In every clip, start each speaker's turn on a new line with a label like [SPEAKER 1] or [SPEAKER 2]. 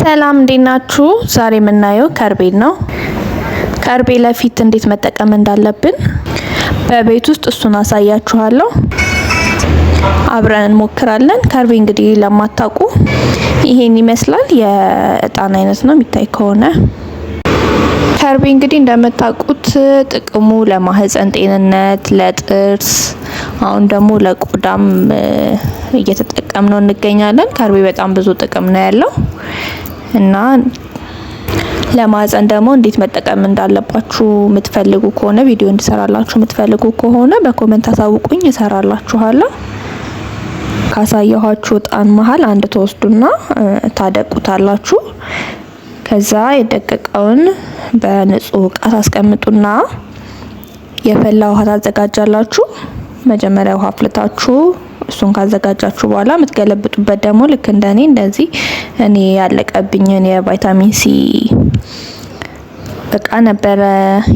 [SPEAKER 1] ሰላም እንዴት ናችሁ? ዛሬ የምናየው ከርቤን ነው። ከርቤ ለፊት እንዴት መጠቀም እንዳለብን በቤት ውስጥ እሱን አሳያችኋለሁ። አብረን እንሞክራለን። ከርቤ እንግዲህ ለማታውቁ ይሄን ይመስላል። የእጣን አይነት ነው የሚታይ ከሆነ ከርቤ እንግዲህ እንደምታውቁት ጥቅሙ ለማህፀን ጤንነት፣ ለጥርስ አሁን ደግሞ ለቆዳም እየተጠቀምነው እንገኛለን። ከርቤ በጣም ብዙ ጥቅም ነው ያለው። እና ለማህፀን ደግሞ እንዴት መጠቀም እንዳለባችሁ የምትፈልጉ ከሆነ ቪዲዮ እንዲሰራላችሁ የምትፈልጉ ከሆነ በኮመንት አሳውቁኝ፣ እሰራላችኋለሁ። ካሳየኋችሁ እጣን መሀል አንድ ተወስዱና ታደቁታላችሁ። ከዛ የደቀቀውን በንጹህ እቃ ታስቀምጡና የፈላ ውሃ ታዘጋጃላችሁ። መጀመሪያ ውሃ አፍልታችሁ እሱን ካዘጋጃችሁ በኋላ የምትገለብጡበት ደግሞ ልክ እንደኔ እንደዚህ እኔ ያለቀብኝን የቫይታሚን ሲ እቃ ነበረ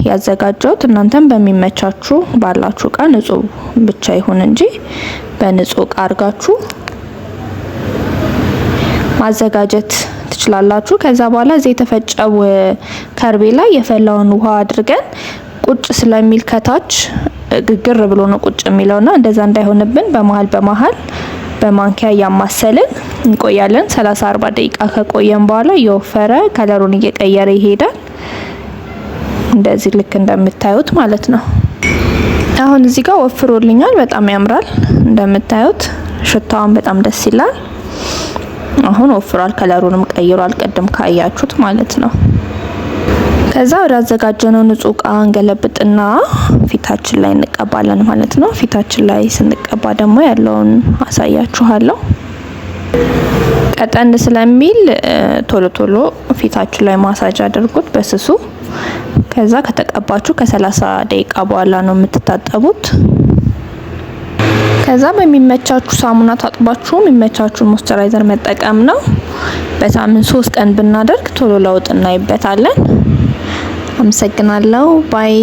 [SPEAKER 1] ያዘጋጀሁት። እናንተም በሚመቻችሁ ባላችሁ እቃ ንጹህ ብቻ ይሁን እንጂ በንጹህ እቃ አድርጋችሁ ማዘጋጀት ትችላላችሁ። ከዛ በኋላ እዚህ የተፈጨው ከርቤ ላይ የፈላውን ውሃ አድርገን ቁጭ ስለሚል ከታች ግግር ብሎ ነው ቁጭ ና እንደዛ እንዳይሆንብን በመሀል በመሀል በማንኪያ እያማሰልን እንቆያለን። 30 40 ደቂቃ ከቆየን በኋላ የወፈረ ከለሩን እየቀየረ ይሄዳል። እንደዚህ ልክ እንደምታዩት ማለት ነው። አሁን እዚህ ጋር ወፍሮልኛል። በጣም ያምራል እንደምታዩት፣ ሽታውን በጣም ደስ ይላል። አሁን ወፍሯል፣ ከለሩንም ቀይሯል፣ ቅድም ካያችሁት ማለት ነው። ከዛ ወደ አዘጋጀነው ንጹህ እቃ እንገለብጥና ፊታችን ላይ እንቀባለን ማለት ነው። ፊታችን ላይ ስንቀባ ደግሞ ያለውን አሳያችኋለሁ። ቀጠን ስለሚል ቶሎ ቶሎ ፊታችሁ ላይ ማሳጅ አድርጉት በስሱ። ከዛ ከተቀባችሁ ከሰላሳ ደቂቃ በኋላ ነው የምትታጠቡት። ከዛ በሚመቻችሁ ሳሙና ታጥባችሁ የሚመቻችሁን ሞስቸራይዘር መጠቀም ነው። በሳምንት ሶስት ቀን ብናደርግ ቶሎ ለውጥ እናይበታለን። አመሰግናለሁ ባይ